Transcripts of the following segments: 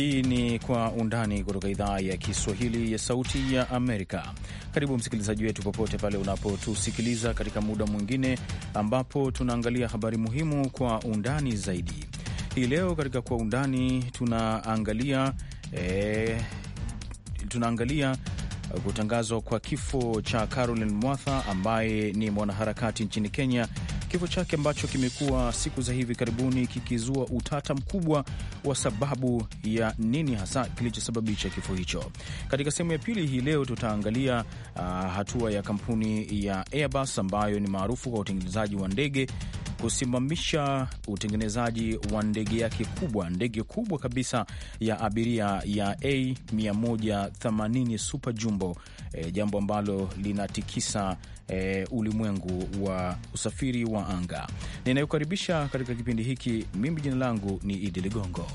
Hii ni Kwa Undani kutoka idhaa ya Kiswahili ya Sauti ya Amerika. Karibu msikilizaji wetu popote pale unapotusikiliza katika muda mwingine ambapo tunaangalia habari muhimu kwa undani zaidi. Hii leo katika Kwa Undani tunaangalia e, tunaangalia kutangazwa kwa kifo cha Caroline Mwatha ambaye ni mwanaharakati nchini Kenya kifo chake ambacho kimekuwa siku za hivi karibuni kikizua utata mkubwa wa sababu ya nini hasa kilichosababisha kifo hicho. Katika sehemu ya pili hii leo tutaangalia uh, hatua ya kampuni ya Airbus ambayo ni maarufu kwa utengenezaji wa ndege kusimamisha utengenezaji wa ndege yake kubwa, ndege kubwa kabisa ya abiria ya A180 Super Jumbo, e, jambo ambalo linatikisa e, ulimwengu wa usafiri wa anga. Ninayokaribisha katika kipindi hiki, mimi jina langu ni Idi Ligongo.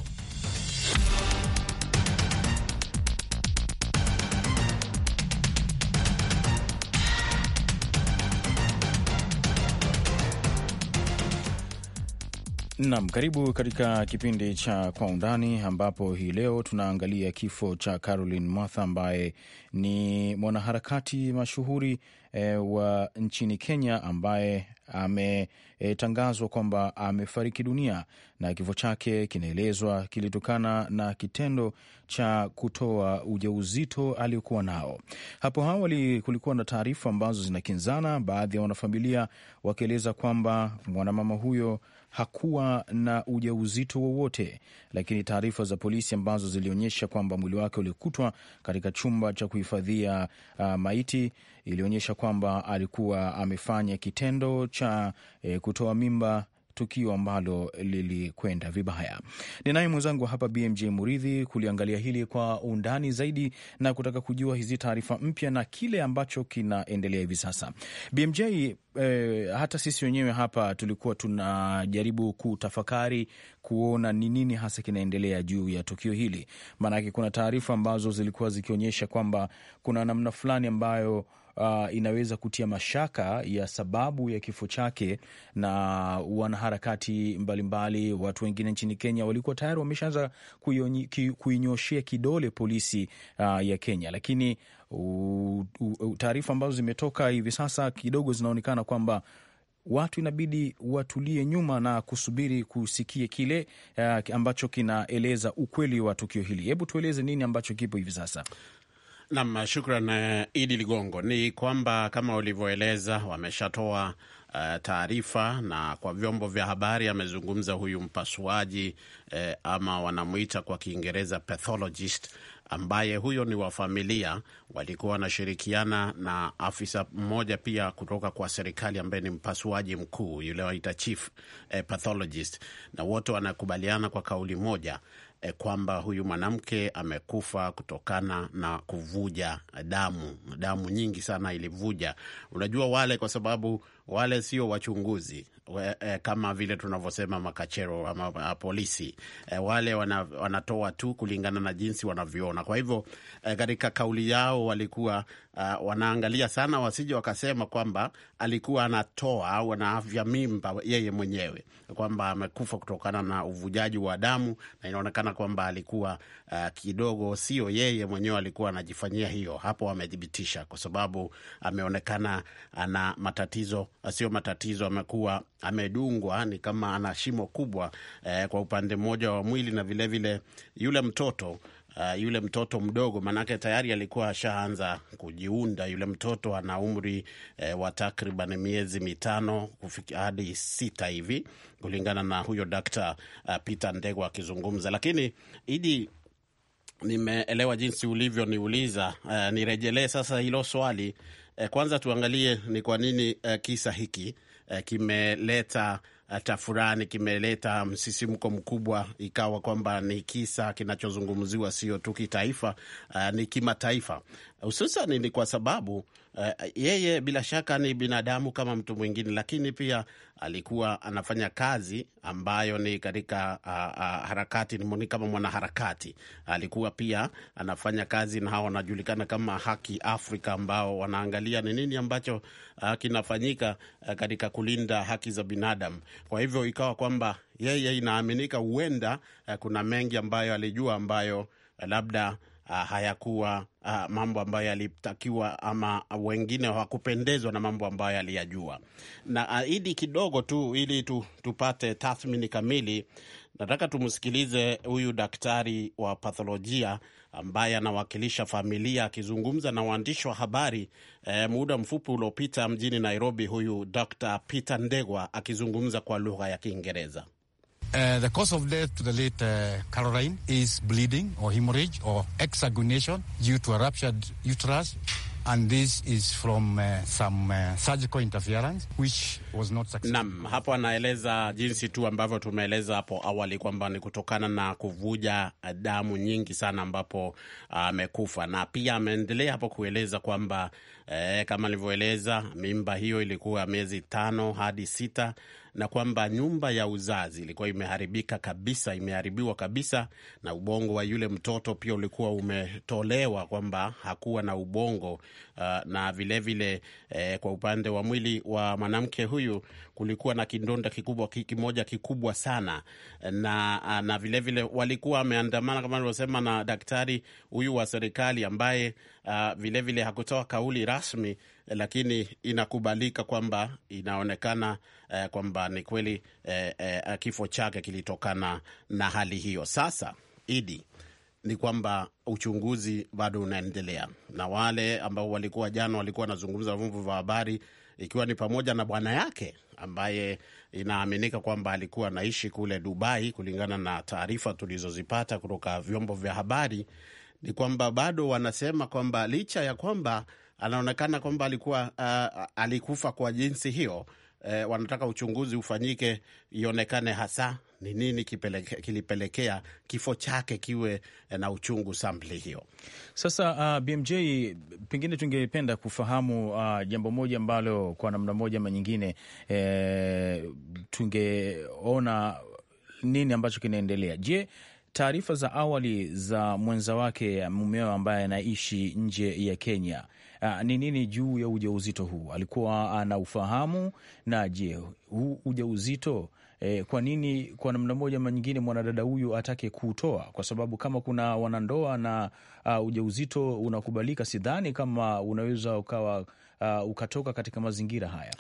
Nam, karibu katika kipindi cha Kwa Undani, ambapo hii leo tunaangalia kifo cha Caroline Martha ambaye ni mwanaharakati mashuhuri e, wa nchini Kenya ambaye ametangazwa e, kwamba amefariki dunia, na kifo chake kinaelezwa kilitokana na kitendo cha kutoa ujauzito aliyokuwa nao. Hapo awali kulikuwa na taarifa ambazo zinakinzana, baadhi ya wanafamilia wakieleza kwamba mwanamama huyo hakuwa na ujauzito wowote, lakini taarifa za polisi ambazo zilionyesha kwamba mwili wake ulikutwa katika chumba cha kuhifadhia uh, maiti ilionyesha kwamba alikuwa amefanya kitendo cha e, kutoa mimba tukio ambalo lilikwenda vibaya. Ninaye mwenzangu hapa BMJ Muridhi kuliangalia hili kwa undani zaidi na kutaka kujua hizi taarifa mpya na kile ambacho kinaendelea hivi sasa. BMJ, eh, hata sisi wenyewe hapa tulikuwa tunajaribu kutafakari kuona ni nini hasa kinaendelea juu ya tukio hili, maanake kuna taarifa ambazo zilikuwa zikionyesha kwamba kuna namna fulani ambayo uh, inaweza kutia mashaka ya sababu ya kifo chake, na wanaharakati mbalimbali, watu wengine nchini Kenya walikuwa tayari wameshaanza kuinyoshea kidole polisi uh, ya Kenya, lakini taarifa ambazo zimetoka hivi sasa kidogo zinaonekana kwamba watu inabidi watulie nyuma na kusubiri kusikia kile uh, ambacho kinaeleza ukweli wa tukio hili. Hebu tueleze nini ambacho kipo hivi sasa. Nam, shukran eh, Idi Ligongo. Ni kwamba kama ulivyoeleza, wameshatoa uh, taarifa na kwa vyombo vya habari amezungumza huyu mpasuaji eh, ama wanamwita kwa Kiingereza pathologist ambaye huyo ni wa familia, walikuwa wanashirikiana na afisa mmoja pia kutoka kwa serikali ambaye ni mpasuaji mkuu yule waita chief eh, pathologist, na wote wanakubaliana kwa kauli moja eh, kwamba huyu mwanamke amekufa kutokana na kuvuja damu. Damu nyingi sana ilivuja, unajua wale, kwa sababu wale sio wachunguzi we, e, kama vile tunavyosema makachero ama eh, polisi e, wale wana, wanatoa tu kulingana na jinsi wanavyoona. Kwa hivyo eh, katika kauli yao walikuwa uh, wanaangalia sana wasije wakasema kwamba alikuwa anatoa au anaafya mimba yeye mwenyewe, kwamba amekufa kutokana na uvujaji wa damu, na inaonekana kwamba alikuwa uh, kidogo sio yeye mwenyewe alikuwa anajifanyia hiyo. Hapo amethibitisha kwa sababu ameonekana ana matatizo sio matatizo, amekuwa amedungwa, ni kama ana shimo kubwa eh, kwa upande mmoja wa mwili na vilevile vile yule mtoto Uh, yule mtoto mdogo manake tayari alikuwa ashaanza kujiunda. Yule mtoto ana umri eh, wa takriban miezi mitano kufikia hadi sita hivi kulingana na huyo Dkt. Eh, Peter Ndegwa akizungumza. Lakini idi nimeelewa jinsi ulivyoniuliza. Uh, nirejelee sasa hilo swali. Uh, kwanza tuangalie ni kwa nini uh, kisa hiki uh, kimeleta tafurani kimeleta msisimko mkubwa, ikawa kwamba ni kisa kinachozungumziwa sio tu kitaifa, uh, ni kimataifa hususan ni kwa sababu uh, yeye bila shaka ni binadamu kama mtu mwingine, lakini pia alikuwa anafanya kazi ambayo ni katika uh, uh, harakati ni kama mwanaharakati. Alikuwa pia anafanya kazi na hawa wanajulikana kama Haki Afrika, ambao wanaangalia ni nini ambacho uh, kinafanyika uh, katika kulinda haki za binadamu. Kwa hivyo ikawa kwamba yeye inaaminika huenda uh, kuna mengi ambayo alijua ambayo uh, labda uh, hayakuwa uh, mambo ambayo yalitakiwa ama wengine hawakupendezwa na mambo ambayo yaliyajua. Na aidi ah, uh, kidogo tu ili tu, tupate tathmini kamili, nataka tumsikilize huyu daktari wa patholojia ambaye anawakilisha familia akizungumza na waandishi wa habari eh, muda mfupi uliopita mjini Nairobi. Huyu Dr. Peter Ndegwa akizungumza kwa lugha ya Kiingereza. Uh, the cause of death to the late uh, Caroline is bleeding or hemorrhage or exsanguination due to a ruptured uterus. And this is from, uh, some, uh, surgical interference which was not successful. Naam, hapo anaeleza jinsi tu ambavyo tumeeleza hapo awali kwamba ni kutokana na kuvuja uh, damu nyingi sana ambapo uh, amekufa, uh, na pia ameendelea hapo kueleza kwamba e, kama alivyoeleza, mimba hiyo ilikuwa miezi tano hadi sita, na kwamba nyumba ya uzazi ilikuwa imeharibika kabisa, imeharibiwa kabisa, na ubongo wa yule mtoto pia ulikuwa umetolewa, kwamba hakuwa na ubongo uh, na vilevile vile, eh, kwa upande wa mwili wa mwanamke huyu kulikuwa na kidonda kikubwa kimoja kikubwa sana, na na vilevile vile walikuwa wameandamana kama alivyosema na daktari huyu wa serikali ambaye uh, vile hakutoa kauli rasmi, lakini inakubalika kwamba inaonekana uh, kwamba ni kweli uh, uh, kifo chake kilitokana na hali hiyo. Sasa idi ni kwamba uchunguzi bado unaendelea, na wale ambao walikuwa jana walikuwa wanazungumza vyombo vya habari, ikiwa ni pamoja na bwana yake ambaye inaaminika kwamba alikuwa anaishi kule Dubai. Kulingana na taarifa tulizozipata kutoka vyombo vya habari, ni kwamba bado wanasema kwamba licha ya kwamba anaonekana kwamba alikuwa uh, alikufa kwa jinsi hiyo eh, wanataka uchunguzi ufanyike ionekane hasa ni nini kipeleke, kilipelekea kifo chake kiwe eh, na uchungu sampli hiyo. Sasa uh, ah, BMJ pengine tungependa kufahamu uh, jambo moja ambalo kwa namna moja ama nyingine eh, tungeona nini ambacho kinaendelea. Je, taarifa za awali za mwenza wake mumeo ambaye anaishi nje ya Kenya Ah, ni nini juu ya ujauzito huu? Alikuwa ana ufahamu na je, huu ujauzito E, kwa nini kwa namna moja ama nyingine mwanadada huyu atake kutoa? Kwa sababu kama kuna wanandoa na uh, ujauzito unakubalika, sidhani kama unaweza ukawa uh, ukatoka katika mazingira haya.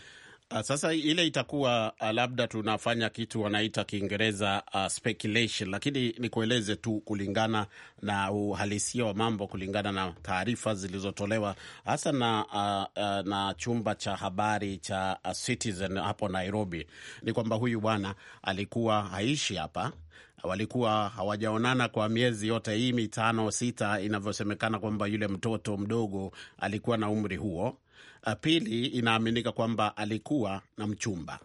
Ah, sasa ile itakuwa ah, labda tunafanya kitu wanaita Kiingereza uh, speculation, lakini nikueleze tu kulingana na uhalisia wa mambo, kulingana na taarifa zilizotolewa hasa na, uh, uh, na chumba cha habari cha Citizen hapo Nairobi, ni kwamba huyu bwana alikuwa haishi hapa walikuwa hawajaonana kwa miezi yote hii mitano sita, inavyosemekana kwamba yule mtoto mdogo alikuwa na umri huo. Uh, pili, inaaminika kwamba alikuwa na mchumba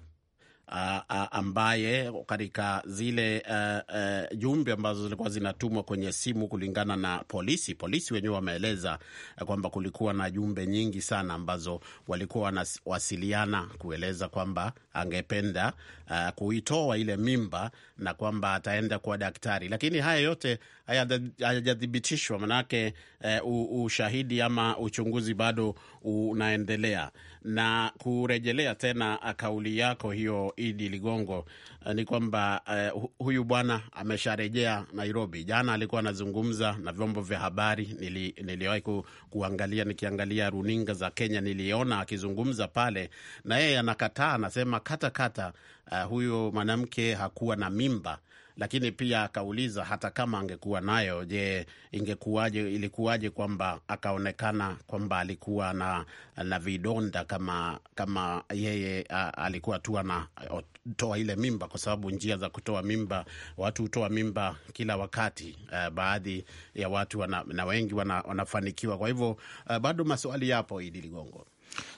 uh, uh, ambaye katika zile uh, uh, jumbe ambazo zilikuwa zinatumwa kwenye simu, kulingana na polisi, polisi wenyewe wameeleza kwamba kulikuwa na jumbe nyingi sana ambazo walikuwa wanawasiliana kueleza kwamba angependa uh, kuitoa ile mimba na kwamba ataenda kwa daktari, lakini haya yote hayajathibitishwa manake uh, ushahidi ama uchunguzi bado unaendelea na kurejelea tena kauli yako hiyo, Idi Ligongo, eh, ni kwamba uh, huyu bwana amesharejea Nairobi. Jana alikuwa anazungumza na vyombo vya habari, nili, niliwahi ku, kuangalia nikiangalia runinga za Kenya, niliona akizungumza pale, na yeye anakataa, anasema katakata, uh, eh, huyo mwanamke hakuwa na mimba lakini pia akauliza hata kama angekuwa nayo, je, ingekuwaje, ilikuwaje kwamba akaonekana kwamba alikuwa na, na vidonda kama, kama yeye a, alikuwa tu anatoa ile mimba, kwa sababu njia za kutoa mimba, watu hutoa mimba kila wakati a, baadhi ya watu wana, na wengi wanafanikiwa Kwa hivyo bado maswali yapo, Idi Ligongo.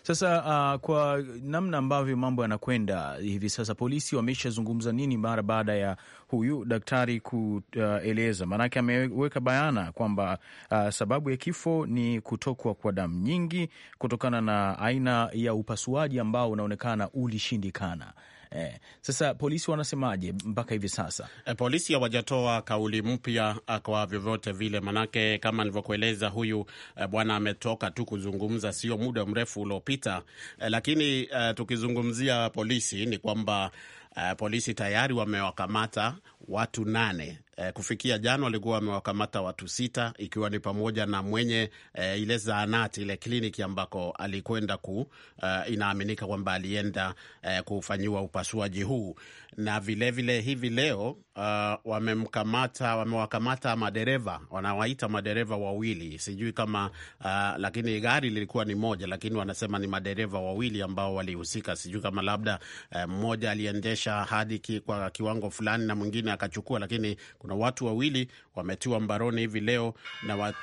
Sasa uh, kwa namna ambavyo mambo yanakwenda hivi sasa, polisi wameshazungumza nini mara baada ya huyu daktari kueleza? Uh, maanake ameweka bayana kwamba uh, sababu ya kifo ni kutokwa kwa damu nyingi kutokana na aina ya upasuaji ambao unaonekana ulishindikana. Eh, sasa polisi wanasemaje mpaka hivi sasa? E, polisi hawajatoa kauli mpya ah, kwa vyovyote vile, manake kama nilivyokueleza huyu e, bwana ametoka tu kuzungumza sio muda mrefu uliopita e, lakini e, tukizungumzia polisi ni kwamba Uh, polisi tayari wamewakamata watu nane eh, kufikia jana walikuwa wamewakamata watu sita ikiwa ni pamoja na mwenye eh, ile zahanati ile kliniki ambako alikwenda ku eh, inaaminika kwamba alienda eh, kufanyiwa upasuaji huu, na vilevile vile hivi leo uh, wamemkamata wamewakamata madereva wanawaita madereva wawili, sijui kama uh, lakini gari lilikuwa ni moja, lakini wanasema ni madereva wawili ambao walihusika, sijui kama labda eh, mmoja eh, aliendesha hadi kwa kiwango fulani na mwingine akachukua, lakini kuna kuna watu wawili wametiwa mbaroni hivi leo na wa,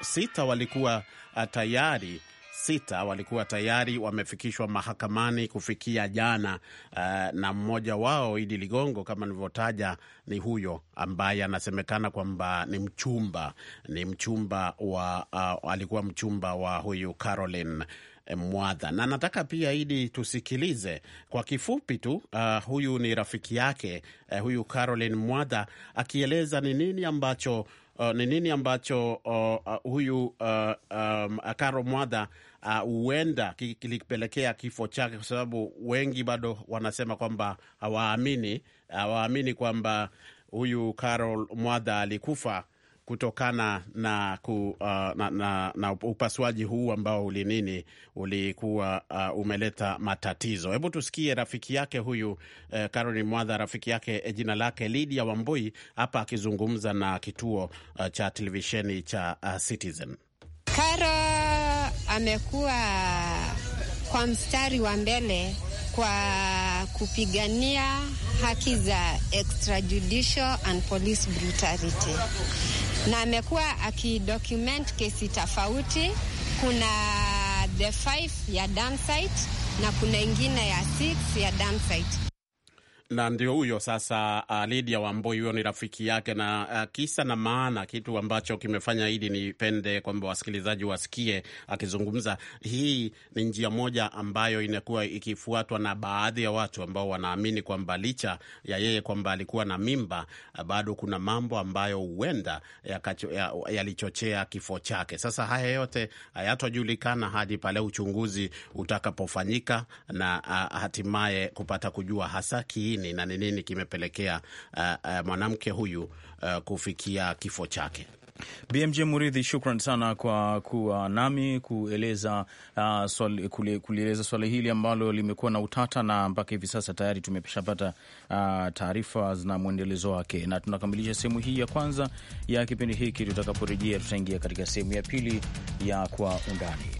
sita walikuwa ah, tayari sita walikuwa tayari wamefikishwa mahakamani kufikia jana. Uh, na mmoja wao Idi Ligongo, kama nilivyotaja, ni huyo ambaye anasemekana kwamba ni mchumba ni mchumba wa uh, alikuwa mchumba wa huyu Caroline Eh, mwadha, na nataka pia Idi tusikilize kwa kifupi tu. Uh, huyu ni rafiki yake uh, huyu Caroline Mwadha akieleza ni nini ambacho ah, ni uh, nini ambacho uh, uh, huyu uh, um, Karo Mwadha huenda uh, kilipelekea kifo chake, kwa sababu wengi bado wanasema kwamba hawaamini hawaamini kwamba huyu Karo Mwadha alikufa kutokana na, ku, uh, na, na, na upasuaji huu ambao ulinini ulikuwa uh, umeleta matatizo. Hebu tusikie rafiki yake huyu eh, Caroline Mwadha, rafiki yake eh, jina lake Lydia Wambui, hapa akizungumza na kituo uh, cha televisheni cha uh, Citizen. Karo amekuwa kwa mstari wa mbele kwa kupigania haki za extrajudicial and police brutality na amekuwa akidocument kesi tofauti. Kuna the 5 ya dam na kuna ingine ya 6 ya dam na ndio huyo sasa uh, Lidia Wambui huyo ni rafiki yake, na uh, kisa na maana, kitu ambacho kimefanya hili nipende kwamba wasikilizaji wasikie uh, akizungumza. Hii ni njia moja ambayo inakuwa ikifuatwa na baadhi ya watu ambao wanaamini kwamba licha ya yeye kwamba alikuwa na mimba, uh, bado kuna mambo ambayo huenda yalichochea ya, ya kifo chake. Sasa haya yote hayatojulikana hadi pale uchunguzi utakapofanyika na uh, hatimaye kupata kujua hasa kiini nini na ni nini kimepelekea uh, uh, mwanamke huyu uh, kufikia kifo chake. BMJ Muridhi, shukran sana kwa kuwa nami kueleza uh, swali, kule, kulieleza swali hili ambalo limekuwa na utata na mpaka hivi sasa tayari tumeshapata uh, taarifa na mwendelezo wake, na tunakamilisha sehemu hii ya kwanza ya kipindi hiki. Tutakaporejea tutaingia katika sehemu ya pili ya kwa undani.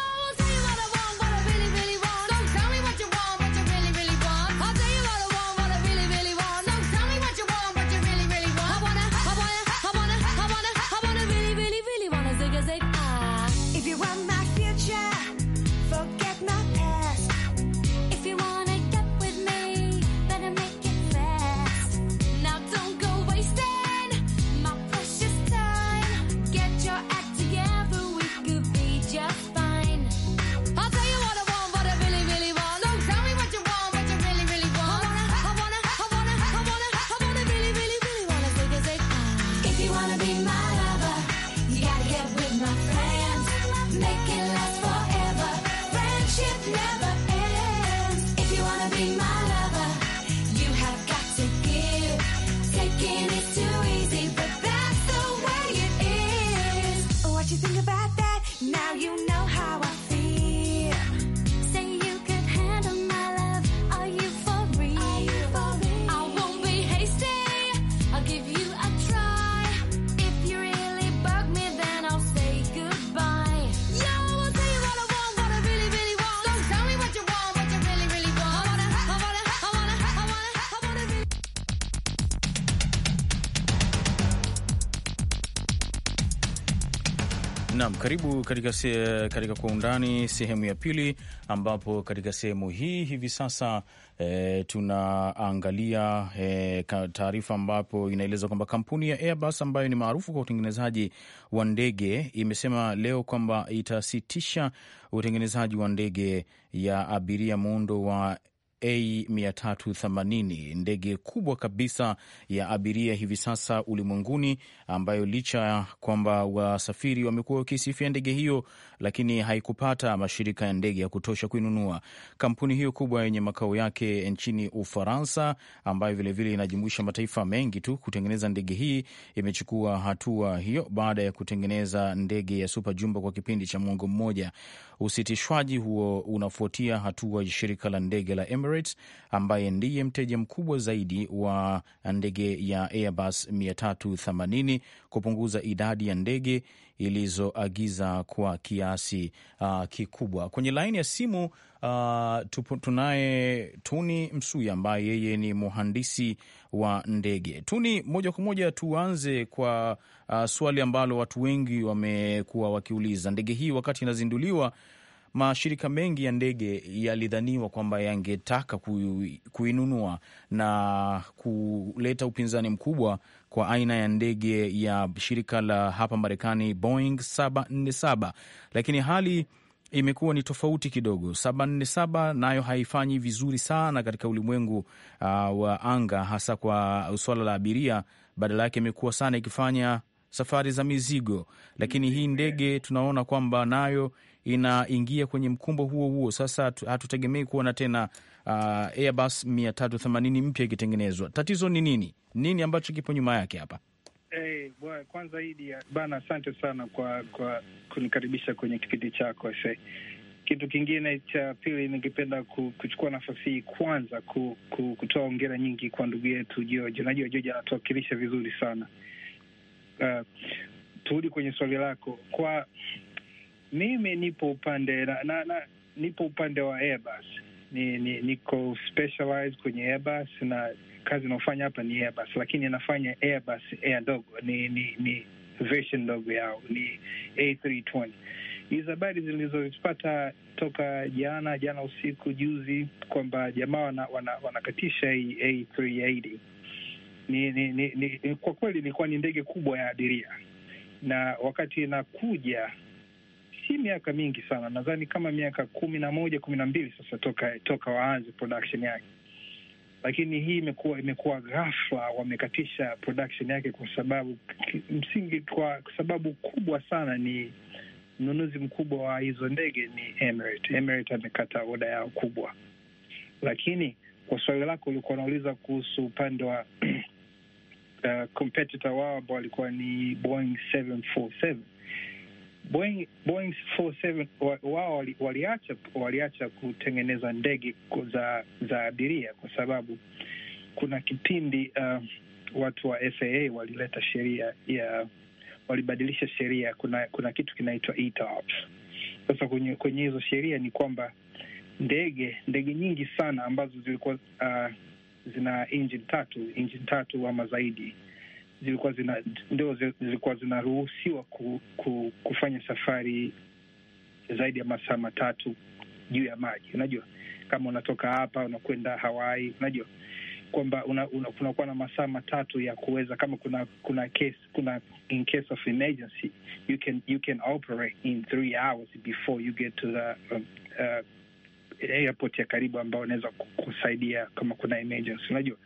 Naam, karibu katika, se, katika kwa undani sehemu ya pili, ambapo katika sehemu hii hivi sasa e, tunaangalia e, taarifa ambapo inaeleza kwamba kampuni ya Airbus ambayo ni maarufu kwa utengenezaji wa ndege imesema leo kwamba itasitisha utengenezaji wa ndege ya abiria muundo wa A380 ndege kubwa kabisa ya abiria hivi sasa ulimwenguni, ambayo licha ya kwamba wasafiri wamekuwa wakisifia ndege hiyo, lakini haikupata mashirika ya ndege ya kutosha kuinunua. Kampuni hiyo kubwa yenye makao yake nchini Ufaransa, ambayo vilevile inajumuisha mataifa mengi tu kutengeneza ndege hii, imechukua hatua hiyo baada ya kutengeneza ndege ya Super Jumbo kwa kipindi cha mwongo mmoja. Usitishwaji huo unafuatia hatua ya shirika la ndege la Emirates Emirates ambaye ndiye mteja mkubwa zaidi wa ndege ya Airbus 380 kupunguza idadi ya ndege ilizoagiza kwa kiasi uh, kikubwa. Kwenye laini ya simu uh, tunaye Tuni Msuya ambaye yeye ni mhandisi wa ndege. Tuni, moja kwa moja tuanze kwa uh, swali ambalo watu wengi wamekuwa wakiuliza. Ndege hii wakati inazinduliwa mashirika mengi ya ndege yalidhaniwa kwamba yangetaka kuinunua na kuleta upinzani mkubwa kwa aina ya ndege ya shirika la hapa Marekani Boeing 747, lakini hali imekuwa ni tofauti kidogo. 747 nayo haifanyi vizuri sana katika ulimwengu uh, wa anga, hasa kwa swala la abiria. Badala yake imekuwa sana ikifanya safari za mizigo, lakini hii ndege tunaona kwamba nayo inaingia kwenye mkumbo huo huo. Sasa hatutegemei kuona tena uh, Airbus 380 mpya ikitengenezwa. Tatizo ni nini? Nini ambacho kipo nyuma yake hapa? Hey, eh, bwa, kwanza Idi bana, asante sana kwa kwa kunikaribisha kwenye kipindi chako. Kitu kingine cha pili, ningependa kuchukua nafasi hii kwanza ku, ku, kutoa ongera nyingi kwa ndugu yetu George. Najua George anatuwakilisha vizuri sana. Uh, turudi kwenye swali lako kwa mimi nipo upande na, na, na nipo upande wa Airbus. Ni, ni, niko specialized kwenye Airbus na kazi inaofanya hapa ni Airbus, lakini inafanya Airbus air ndogo, ni, ni, ni version ndogo yao ni A320. Hizi habari zilizozipata toka jana jana usiku juzi kwamba jamaa wanakatisha wana, wanakatisha hii A380 ni, ni, ni, ni, kwa kweli ilikuwa ni ndege kubwa ya abiria, na wakati inakuja si miaka mingi sana, nadhani kama miaka kumi na moja kumi na mbili sasa toka toka waanze production yake, lakini hii imekuwa imekuwa ghafla, wamekatisha production yake kwa sababu msingi, kwa sababu kubwa sana ni mnunuzi mkubwa wa hizo ndege ni Emirates. Emirates amekata oda yao kubwa, lakini kwa swali lako ulikuwa unauliza kuhusu upande wa uh, competitor wao ambao walikuwa ni Boeing 747 Boeing, Boeing 47 wao waliacha waliacha kutengeneza ndege za za abiria kwa sababu kuna kipindi uh, watu wa FAA walileta sheria ya walibadilisha sheria. Kuna kuna kitu kinaitwa ETOPS. Sasa kwenye kwenye hizo sheria ni kwamba ndege ndege nyingi sana ambazo zilikuwa uh, zina engine tatu engine tatu ama zaidi zilikuwa zina ndio zilikuwa zinaruhusiwa ku, ku, kufanya safari zaidi ya masaa matatu juu ya maji. Unajua, kama unatoka hapa unakwenda Hawaii, unajua kwamba kunakuwa una, una na masaa matatu ya kuweza kama kuna kuna case, kuna in case of emergency you can, you can operate in three hours before you get to the um, uh, airport ya karibu ambayo unaweza kusaidia kama kuna emergency. Unajua,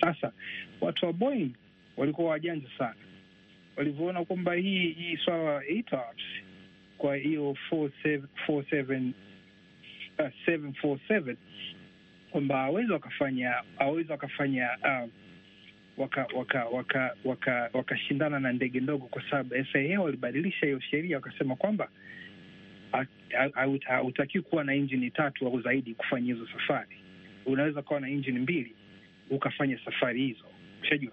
sasa watu wa Boeing walikuwa wajanja sana walivyoona kwamba hii hii swala la kwa hiyo 747 uh, kwamba hawezi wakafanya hawezi wakafanya wakashindana uh, waka, waka, waka, waka na ndege ndogo, kwa sababu FAA walibadilisha hiyo sheria wakasema kwamba hautakiwi kuwa na injini tatu au zaidi kufanya hizo safari. Unaweza kuwa na injini mbili ukafanya safari hizo, ushajua.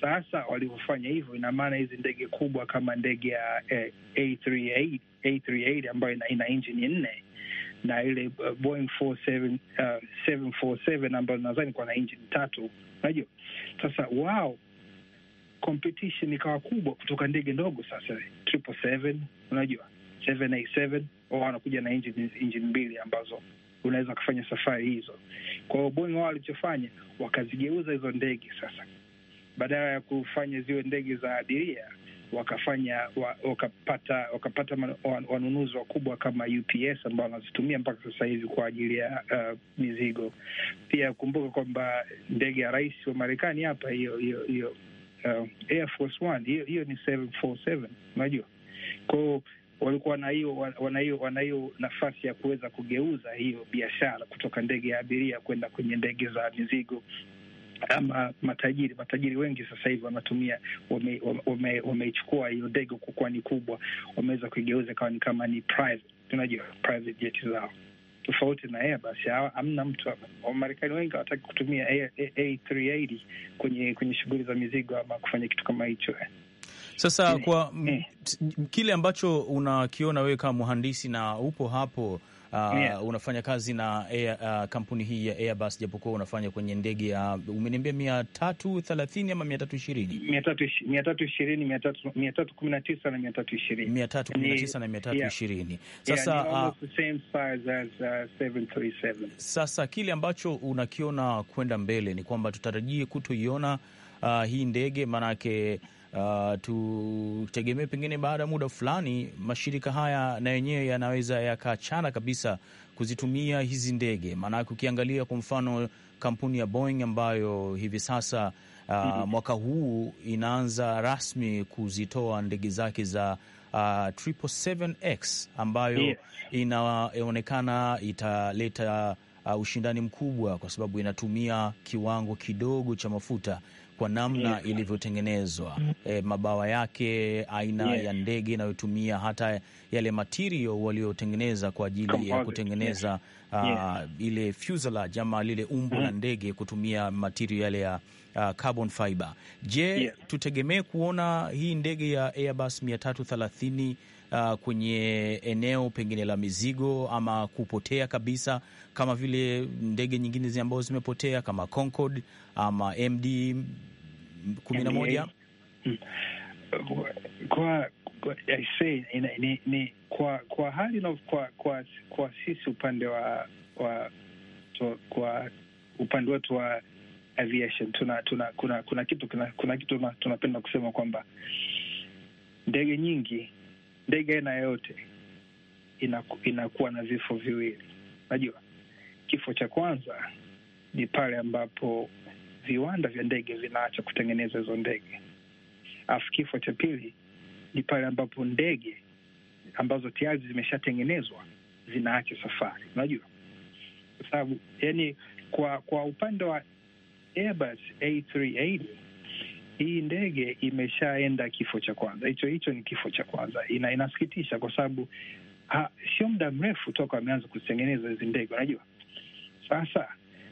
Sasa walivyofanya hivyo, ina maana hizi ndege kubwa kama ndege ya A38, eh, A38 ambayo ina, ina injini nne na ile eh, Boeing 47, uh, 747 ambayo nadhani kwa na injini tatu. Unajua sasa wao competition ikawa kubwa kutoka ndege ndogo sasa 777, unajua 787, wao wanakuja na injini injini mbili ambazo unaweza kufanya safari hizo. Kwa hiyo Boeing wao walichofanya wakazigeuza hizo ndege sasa badala ya kufanya ziwe ndege za abiria wakafanya wa, wakapata wakapata wanunuzi wakubwa kama UPS ambao wanazitumia mpaka sasa hivi kwa ajili ya uh, mizigo. Pia kumbuka kwamba ndege ya rais wa Marekani hapa hiyo hiyo hiyo uh, Air Force One hiyo hiyo ni 747 unajua, kwao walikuwa na hiyo wana hiyo nafasi ya kuweza kugeuza hiyo biashara kutoka ndege ya abiria kwenda kwenye ndege za mizigo ama matajiri matajiri wengi sasa hivi wanatumia, wameichukua wame, wame hiyo ndege kukuwa ni kubwa, wameweza kuigeuza ikawa ni kama ni private, tunajua private jet zao tofauti na Airbus. Hamna mtu, Wamarekani wengi hawataki kutumia A380 kwenye kwenye shughuli za mizigo ama kufanya kitu kama hicho. Sasa eh, kwa eh. kile ambacho unakiona wewe kama mhandisi na upo hapo uh, yeah. Unafanya kazi na air, uh, kampuni hii ya Airbus japokuwa unafanya kwenye ndege ya uh, umeniambia mia tatu thelathini ama mia tatu ishirini mia tatu ishirini mia tatu kumi na tisa na mia tatu ishirini mia tatu kumi na tisa na mia tatu ishirini Sasa ah, uh, sasa kile ambacho unakiona kwenda mbele ni kwamba tutarajie kutoiona uh, hii ndege maanake uh, tutegemee pengine baada ya muda fulani mashirika haya na yenyewe yanaweza yakaachana kabisa kuzitumia hizi ndege. Maanake ukiangalia kwa mfano kampuni ya Boeing ambayo hivi sasa uh, mm -hmm. mwaka huu inaanza rasmi kuzitoa ndege zake za uh, ah, 777X ambayo yes. inaonekana italeta uh, ushindani mkubwa kwa sababu inatumia kiwango kidogo cha mafuta kwa namna ilivyotengenezwa, mm. e, mabawa yake, aina ya ndege inayotumia, hata yale material waliotengeneza kwa ajili ya kutengeneza uh, ile fuselage ama lile umbo la mm, ndege kutumia material yale ya uh, carbon fiber. Je, tutegemee kuona hii ndege ya Airbus 330 uh, kwenye eneo pengine la mizigo ama kupotea kabisa, kama vile ndege nyingine ambazo zimepotea kama Concorde ama MD 11 hmm. kwa, moja kwa kwa kwa hali na kwa, kwa, kwa sisi upande wa, wa to, kwa upande wetu wa aviation tuna, tuna, kuna, kuna kitu kuna, kuna kitu tunapenda kusema kwamba ndege nyingi ndege aina yoyote inaku, inakuwa na vifo viwili. Unajua, kifo cha kwanza ni pale ambapo viwanda vya ndege vinaacha kutengeneza hizo ndege, alafu kifo cha pili ni pale ambapo ndege ambazo tayari zimeshatengenezwa zinaacha safari. Unajua, kwa sababu yani, kwa kwa upande wa Airbus A380 hii ndege imeshaenda kifo cha kwanza. Hicho hicho ni kifo cha kwanza. Ina, inasikitisha kwa sababu sio muda mrefu toka wameanza kuzitengeneza hizi ndege. Unajua, sasa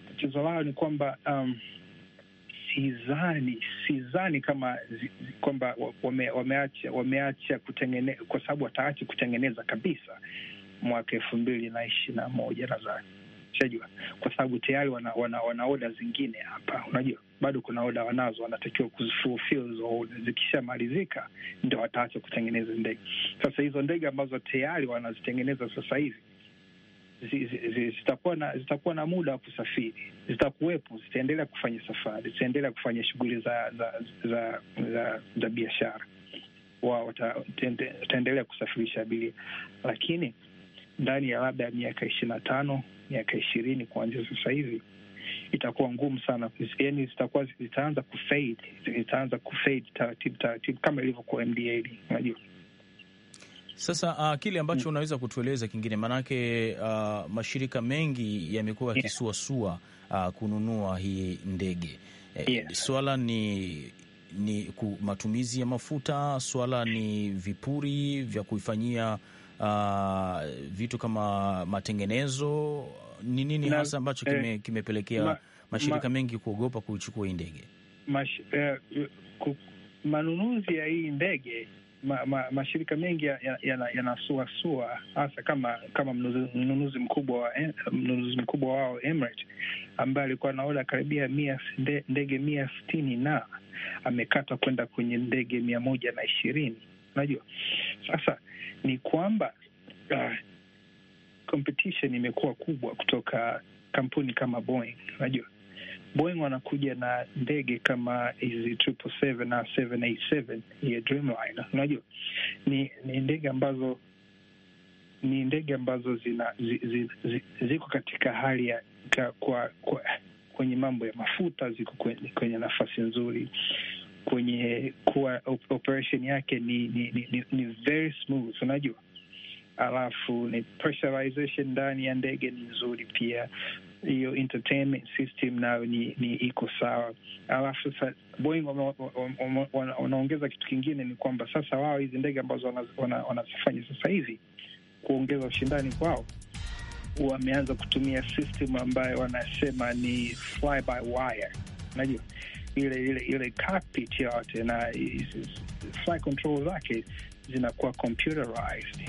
tatizo lao ni kwamba um, Sizani sizani kama kwamba wame, wameacha wameacha kutengeneza kwa sababu wataacha kutengeneza kabisa mwaka elfu mbili na ishirini na moja nadhani shajua kwa sababu tayari wana, wana, wana oda zingine hapa, unajua bado kuna oda wanazo, wanatakiwa kuzifulfill hizo oda. Zikishamalizika ndo wataacha kutengeneza ndege. Sasa hizo ndege ambazo tayari wanazitengeneza sasa hivi zitakuwa na zitakuwa na muda wa kusafiri, zitakuwepo, zitaendelea kufanya safari, zitaendelea kufanya shughuli za za za, za, za biashara, wao wataendelea kusafirisha abiria, lakini ndani ya labda miaka ishirini na tano miaka ishirini kuanzia sasa hivi itakuwa ngumu sana, yani zitakuwa zitaanza kufade, zitaanza kufade taratibu taratibu kama ilivyokuwa MDL, unajua. Sasa uh, kile ambacho hmm, unaweza kutueleza kingine, maanake uh, mashirika mengi yamekuwa yakisuasua uh, kununua hii ndege eh, yeah. swala ni ni matumizi ya mafuta, swala ni vipuri vya kuifanyia uh, vitu kama matengenezo? Ni nini hasa ambacho eh, kimepelekea kime mashirika ma, mengi kuogopa kuchukua hii ndege eh, manunuzi ya hii ndege? Ma, ma, mashirika mengi yanasuasua ya, ya, ya hasa kama kama mnunuzi mkubwa wa eh, mnunuzi mkubwa wao Emirates ambaye alikuwa anaoda karibia mia ndege mia sitini na amekatwa kwenda kwenye ndege mia moja na ishirini. Unajua sasa ni kwamba uh, competition imekuwa kubwa kutoka kampuni kama Boeing. Unajua Boeing wanakuja na ndege kama hizi na ya Dreamliner. Unajua ni ni ndege ambazo ni ndege ambazo zina zi, zi, zi, ziko katika hali ya kwa, kwa kwenye mambo ya mafuta ziko kwenye, kwenye nafasi nzuri kwenye kuwa operation yake ni ni, ni, ni very smooth, unajua. Alafu ni pressurization ndani ya ndege ni nzuri pia, hiyo entertainment system nayo ni, ni iko sawa. Alafu sasa Boeing wanaongeza kitu kingine ni kwamba sasa wao hizi ndege ambazo wanazifanya wana, wana sasa hivi kuongeza ushindani kwao wameanza kutumia system ambayo wanasema ni fly by wire, unajua ile ile ile cockpit yote na flight control zake zinakuwa computerized,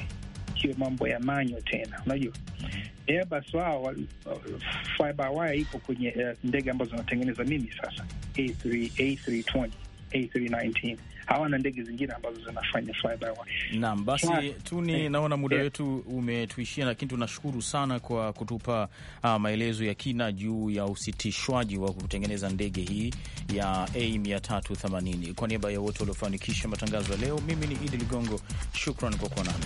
hiyo mambo ya manyo tena. Unajua mhm. Airbus wao uh, fly by wire ipo kwenye uh, ndege ambazo zinatengeneza mimi sasa A3, A320 a Hawana ndege zingine ambazo zinafanya flyby. Naam, basi tuni yeah. naona muda eh. wetu umetuishia, lakini tunashukuru sana kwa kutupa uh, maelezo ya kina juu ya usitishwaji wa kutengeneza ndege hii ya A380. Kwa niaba ya wote waliofanikisha matangazo ya leo, mimi ni Idi Ligongo, shukran kwa kuwa nami.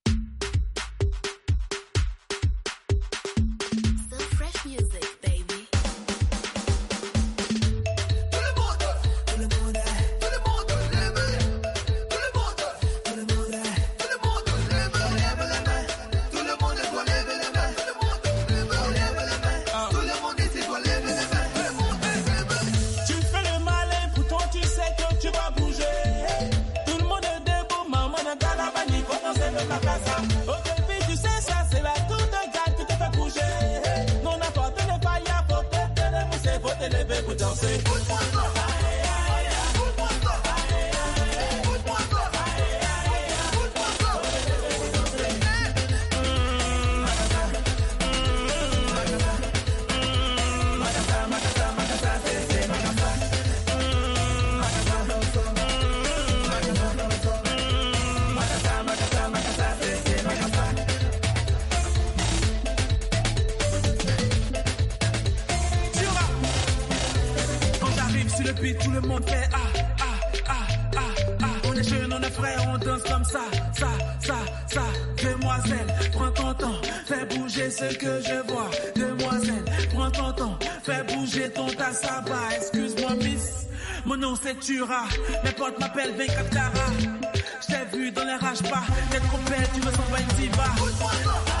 Non c'est Tura. N'importe m'appelle 24 carats. Je vu dans les rage pas. T'es trop belle, tu me sens pas une diva.